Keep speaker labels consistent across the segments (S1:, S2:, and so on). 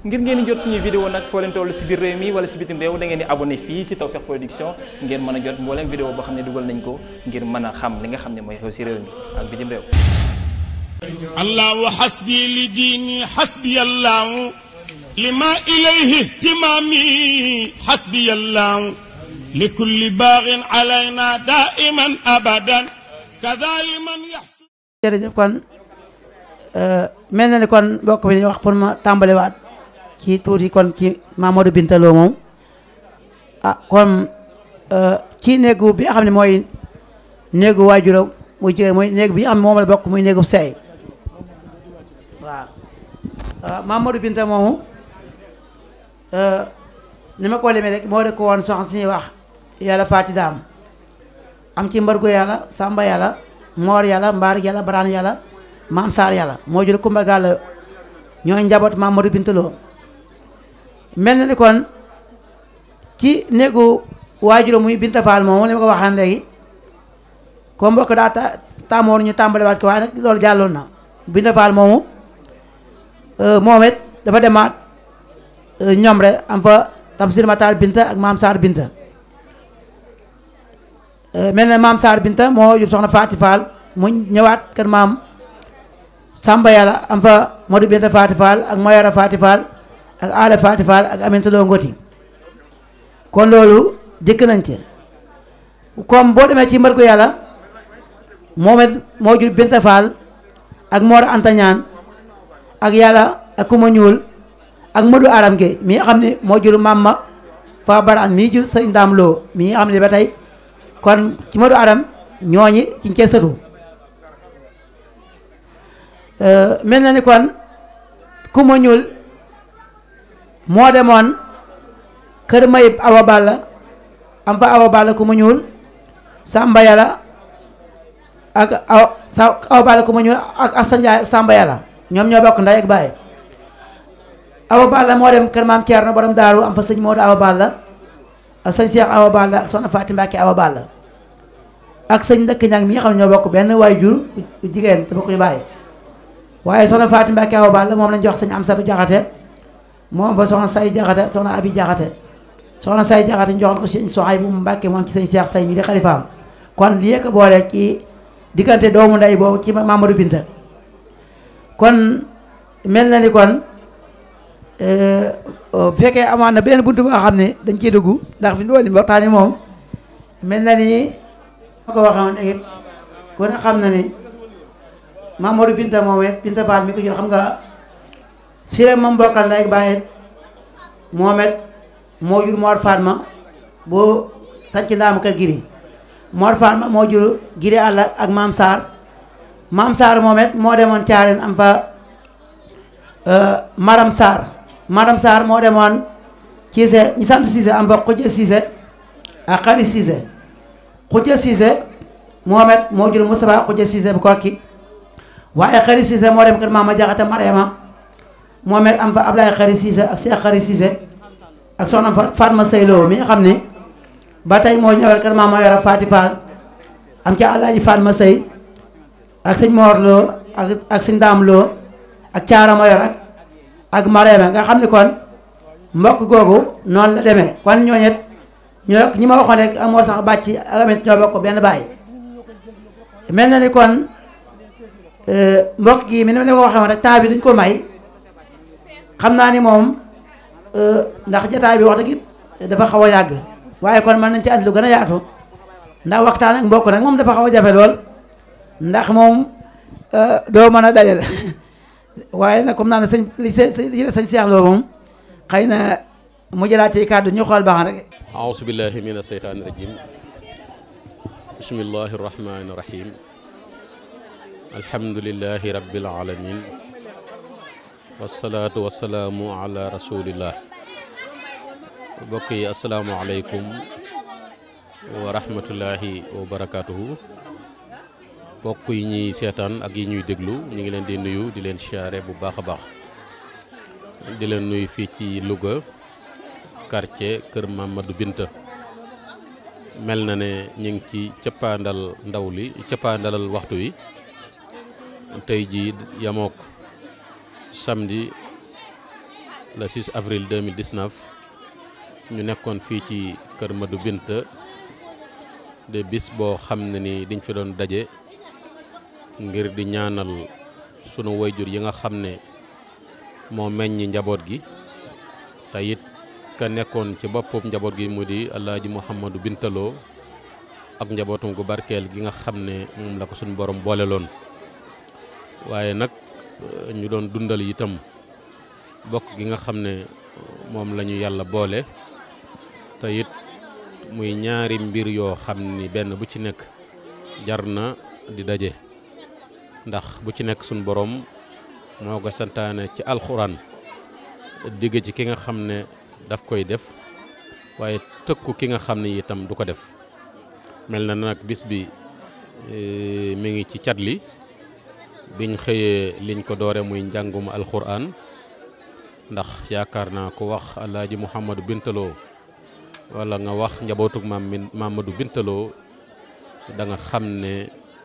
S1: ngir ngeen di jot suñuy vidéo nag foo leen toll si biir réew mi wala si bitim réew da di abonné fii si Tawfekh Production ngeen mën a jot mbooleem vidéo boo xam ne dugal nañ ko ngir mën a xam li nga xam ne mooy xew si réew mi ak bitim réew allahu xasbi li diini xasbi allahu lima ilayhi ihtimaami xasbi allahu li kulli baaxin alayna daiman abadan
S2: kadali man yaxsu euh, mel na ni kon mbokk bi dañuy wax pour ma tàmbaliwaat ci tuuti kon ci Mamadou Binta bintaloo moom ah kon ci euh, néegu bi nga xam ne mooy néegu waajuram muy jigéen mooy néeg bi am moom la bokk muy néegu seey waaw euh, Mamadou Binta moomu euh, ni ma ko limee rek moo de ko woon soxna si ñuy wax yàlla faati daam am ci mbargo yàlla sàmba yàlla moor yàlla mbaar yàlla baraan yàlla maam saar yàlla moo jur kumba gàll ñooy njaboot Mamadou Binta Lo mel na ni kon ci néegu waajuró muy Binta Fall moomu li ma ko waxaan léegi ko ñu tàmbaliwaat ko waaye nag loolu jàlloon na Binta Fall moomu euh, moom it dafa demaat euh, ñoom rek am fa Tamsir Matar Binta ak Maam Sarr Binta euh, mel na Maam Sarr Binta moo jur soxna Faati Fall mu ñëwaat kër maam Samba Yàlla am fa Modou Binta Faati Fall ak Mayara Faati Fall ak aada faati faal ak aminte loo ngoti kon loolu jëkk nañ ci comme boo demee ci mbar ko yàlla moomet moo jur binta faal ak moor antañaan ak yàlla ak kuma ñuul ak madu aram ge mi nga xam moo jur mamma fa baraan mii jur sëñ ndaam loo mi nga xam ne ba tey kon ci madu aram ñooñi ci cee euh, mel na ni kon kuma ñuul moo demoon kër Mayib Awa Balla am fa Awa Balla ku mu ñuul Samba Yàlla ak aw Awa Balla ku mu ñuul ak Assa Ndiaye ak Samba Yàlla ñoom ñoo bokk ndey ak baay Awa Balla moo dem kër maam Thierno borom daaru am fa sëñ Modou Awa Balla ak sëñ Cheikh Awa Balla ak soxna Faati Mbàkke Awa Balla ak sëñ Ndëkk Ñang mi nga xam ne ñoo bokk benn waay jur jigéen te bokkuñu bàyyi waaye soxna Faati Mbàkke Awa Balla moom lañ jox sëñ Amsatu Jaxate moom fa soxna say jaxate soxna abi jaxate soxna say jaxate ñu joxoon ko sëñ soxay bu mu mbàkke moom ci sëñ seex say mi di xalifaam kon lii ko boole ci diggante doomu ndey boobu ci Mamadou Binta kon mel na ni kon euh, euh, bu fekkee amaan na benn buntu boo xam ne dañ ciy dugg ndax fi loolu waxtaani moom mel na ni ma ko waxoon léegi kon xam na ni Mamadou Binta moom it Binta Fall mi ko jur xam nga Siré moom bokkal ndey ak baay moo jur Mor Fatma boo sànci ndaam kër Giri Mor Fatma moo jur Giri àll ak Maam Sarr Maam Sarr moo demoon Thiarène am euh, Maram Sarr Maram Sarr moo demoon Cissé ñi sant Cissé am fa Khoudia Cissé ak Khali Cissé Khoudia Cissé Mohamed moo jur Moustapha Khoudia Cissé bu kokki waaye Khali Cissé moo dem kër Mama Jaxate Mariama Mohamed am fa Ablaye Xari Cissé ak Cheikh Xari Cissé ak soxna Fatma Seylo mi nga xam ne ba tey moo ñëwal kër maam moo yor a Faati Fall am ca Alaaji Fatma Sey ak sëñ Mor Lo ak ak sëñ Daam ak Caara moo yor ak ak Marème nga xam ne kon mbokk googu noonu la demee kon ñooñet ñoo ñi ma waxoon rek amoor sax bàcc ak amit ñoo bokk benn baay mel na ni kon euh, mbokk gi mi ne ma ne ko waxee woon rek temps duñ ko may xam naa ni moom euh, ndax jataay bi wax dëgg dafa xaw a yàgg waaye kon mën nañ ci andi lu gën a yaatu ndax waxtaan mbokk nak moom dafa xaw a jafe lool ndax moom euh, doo mën a dajal waaye nag comme naa ne sëñ li sëñ Seex Lo moom xëy na mu jëlaat ci kàddu ñu xool baax rek
S1: aousu billahi min aseytaani rajim bismillahi rahmani rahim alhamdulilahi rabbil alamin wasalaatu wasalaamu ala rasulillah mbokk yi asalaamualeykum wa rahmatullahi wa barakaatuhu mbokk yi ñuy seetaan ak yi ñuy déglu ñu ngi leen di nuyu di leen siyaare bu baax a baax di leen nuyu fii ci Louga quartier Kër Mamadou Binta mel na ne ñu ngi ci cëppaandal ndaw li cëppaandalal waxtu wi tey jii yamook samedi le 6 avril 2019 ñu nekkoon fii ci kër Madou Binta de bis boo xam ne ni diñ fi doon daje ngir di ñaanal sunu wayjur yi nga xam ne moo meññi njaboot gi te it ka nekkoon ci boppam njaboot gi mu di Alaaji du Bintaloo ak njabootum gu barkeel gi nga xam ne moom la ko suñu borom boole loon waaye nag Euh, ñu doon dundal itam bokk gi nga xam ne moom lañu yàlla boole te muy ñaari mbir yoo xam ni benn bu ci nekk jar na di daje ndax bu ci nekk suñ borom moo ko santaane ci alxuraan digg ci ki nga xam ne daf koy def waaye tëkku ki nga xam ne itam du ko def mel na nag bis bi euh, mi ngi ci cat li biñ xëyee liñ ko doore muy njàngum alxuraan ndax yaakaar naa ko wax alaaji Mouhamadou Bintaloo walla nga wax njabootug maam Mamadou Bintaloo da nga xam ne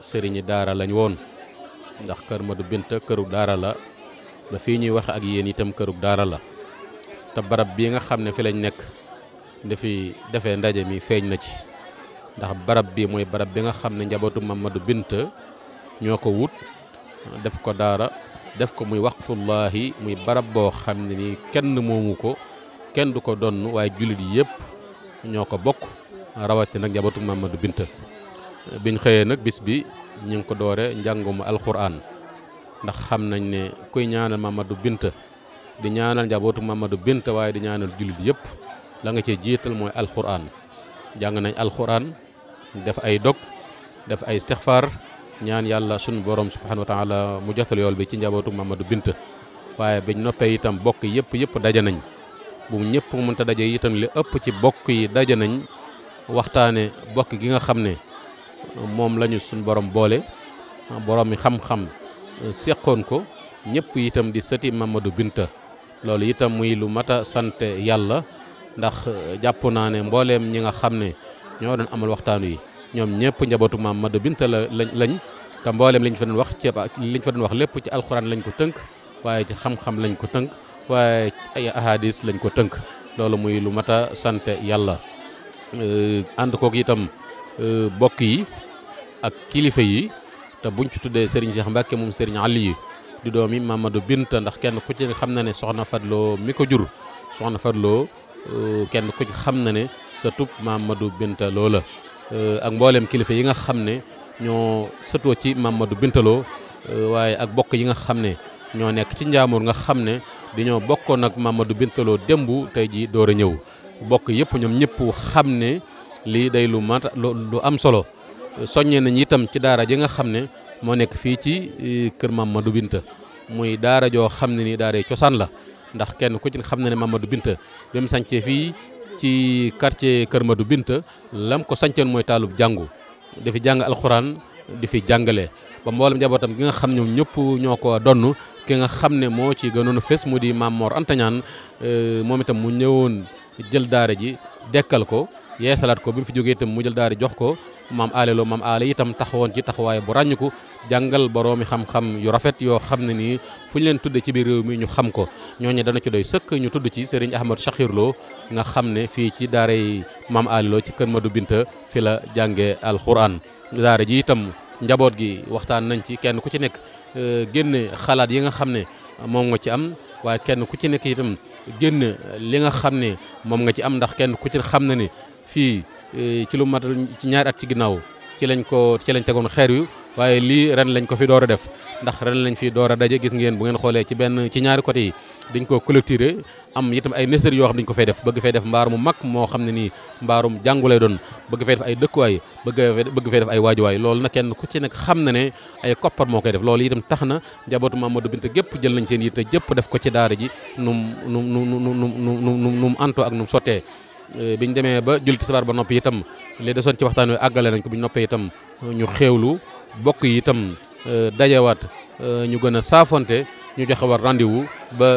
S1: sëriñi daara lañ woon ndax kër Madou Binta këru daara la ba fii ñuy wax ak yéen itam këru daara la te barab bii nga xam ne fi lañ nekk dafi defe ndaje mi feeñ na ci ndax barab bii mooy barab bi nga xam ne njabootu Mamadou Binta ñoo ko wut def ko daara def ko muy waqfullaahi muy barab boo xam ne nii kenn moomu ko kenn du ko donn waaye jullit yëpp ñoo ko bokk rawatina nag njabootu Mamadou Binta biñ xëyee nag bis bi ñu ngi ko doore njàngum alxuraan ndax xam nañ ne kuy ñaanal Mamadou Binta di ñaanal njabootu Mamadou Binta waaye di ñaanal jullit yëpp la nga cee jiital mooy alxuraan jàng nañ alxuraan def ay dog def ay istixfaar ñaan yàlla sunu borom subhanahu wa taala mu jotal yool bi ci njabootu Mamadou Binta waaye bañ noppee itam bokk yëpp yëpp daje nañ bu ñëpp mënta daje itam li ëpp ci bokk yi daje nañ waxtaane bokk gi nga xam ne moom lañu suñ borom boole borom mi xam-xam euh, seqoon ko ñëpp itam di sëti Mamadou Binta loolu itam muy lu mat a sant yàlla ndax euh, jàpp naa ne mbooleem ñi nga xam ne ñoo doon amal waxtaan wi ñoom ñëpp njabootu maam Madu Binta la lañ te mboolem liñ fa doon wax ci liñ fa doon wax lépp ci alxuraan lañ ko tënk waaye ci xam-xam lañ ko tënk waaye ay ahadis lañ ko tënk loolu muy lu mat a sant yàlla ànd kook itam bokk yi ak kilifa yi te buñ ci tuddee Serigne Cheikh Mbacke moom Serigne Ali yi di doomi Mamadou Binta ndax kenn ku ci xam na ne soxna Fadloo mi ko jur soxna loo kenn ku xam na ne sa tub Mamadou Binta loola Euh, ak mbooleem kilifa yi nga xam ne ñoo sëtoo ci Mamadou Bintaloo euh, waaye ak bokk yi nga xam ne ñoo nekk ci Njaamoor nga xam ne dañoo bokkoon ak Mamadou Bintaloo démb tey ji door a ñëw bokk yëpp ñoom ñëpp xam ne lii day lu mat lu am solo soññee nañ itam ci daara ji nga xam ne moo nekk fii ci euh, kër Mamadou Binta muy daara joo xam ne ni daara cosaan la ndax kenn ku ci xam ne ne Mamadou Binta bi mu sancee fii ci quartier Kër Madou Binta lam ko sancoon mooy taalub jàngu di fi jàng alxuraan di fi jàngale ba mboolem njabootam gi nga xam ñoom ñëpp ñoo ko donn ki nga xam ne moo ci gënoon a fés mu di maam Mor Anta Ñaan euh, moom itam mu ñëwoon jël daara ji dekkal ko yeesalaat ko bi mu fi jógee itam mu jël daara jox ko maam aale loo maam yitam itam taxawoon ci taxawaay bu ràññiku jàngal boroomi xam-xam yu rafet yoo xam ne nii fu ñu leen tudde ci biir réew mi ñu xam ko ñooñu dana ci doy sëkk ñu tudd ci Serigne Ahmadou Sakhir nga xam ne fii ci daara yi maam aale loo ci kër Madou Binta fi la jànge alxuraan daara ji itam njaboot gi waxtaan nañ ci kenn ku ci nekk euh, génne xalaat yi nga xam ne moom nga ci am waaye kenn ku ci nekk itam génn li nga xam ne moom nga ci am ndax kenn ku ci xam na ne fii ci lu mat ci ñaari at ci ginnaaw ci lañ ko ci lañ tegoon xeer yu waaye lii ren lañ ko fi door a def ndax ren lañ fi door a daje gis ngeen bu ngeen xoolee ci benn ci ñaari côté yi dañ ko clôturer am itam ay néssari yoo xam dañ ko fay def bëgg fee def mbaar mu mag moo xam ne nii mbaarum jàngu lay doon bëgg fee def ay dëkkuwaay bëgg bëgg fay def ay waajuwaay loolu nag kenn ku ci nekk xam na ne ay koppar moo koy def loolu itam tax na njabootu moo Binta gépp jël nañ seen yitte jëpp def ko ci daara ji num num num num num num num antoo ak num sottee Euh, bi ñu demee ba julli tisbaar ba noppi itam li desoon ci waxtaan wi àggale nañ ko bu ñu noppee itam ñu xéewlu bokk yi itam euh, dajawaat euh, ñu gën a saafonte ñu joxe war rendez-vous ba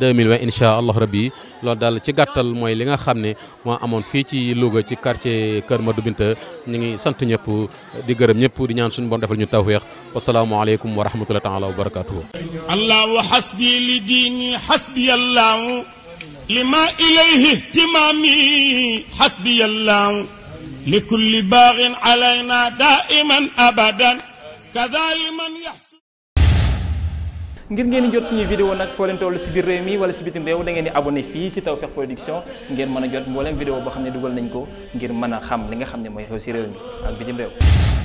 S1: 2020 incha allah rabbi loolu daal ci gàttal mooy li nga xam ne moo amoon fii ci Louga ci quartier Kër Madou Binta ñu ngi sant ñëpp di gërëm ñëpp di ñaan suñu bon defal ñu tawféex wasalaamualeykum wa rahmatullahi taala wa barakaatuhu allahu hasbi li diini hasbi allahu لما إليه اهتمامي حسبي الله لكل باغ علينا دائما أبدا كذا لمن يحسن ngir ngeen di jot suñuy vidéo nag foo leen toll si biir réew mi wala si bitim réew dangeen ngeen di abonné fii si Tawfekh Production ngeen mën a jot mbooleem vidéo boo xam ne dugal nañ ko ngir mën a xam li nga xam ne mooy xew si réew mi ak bitim réew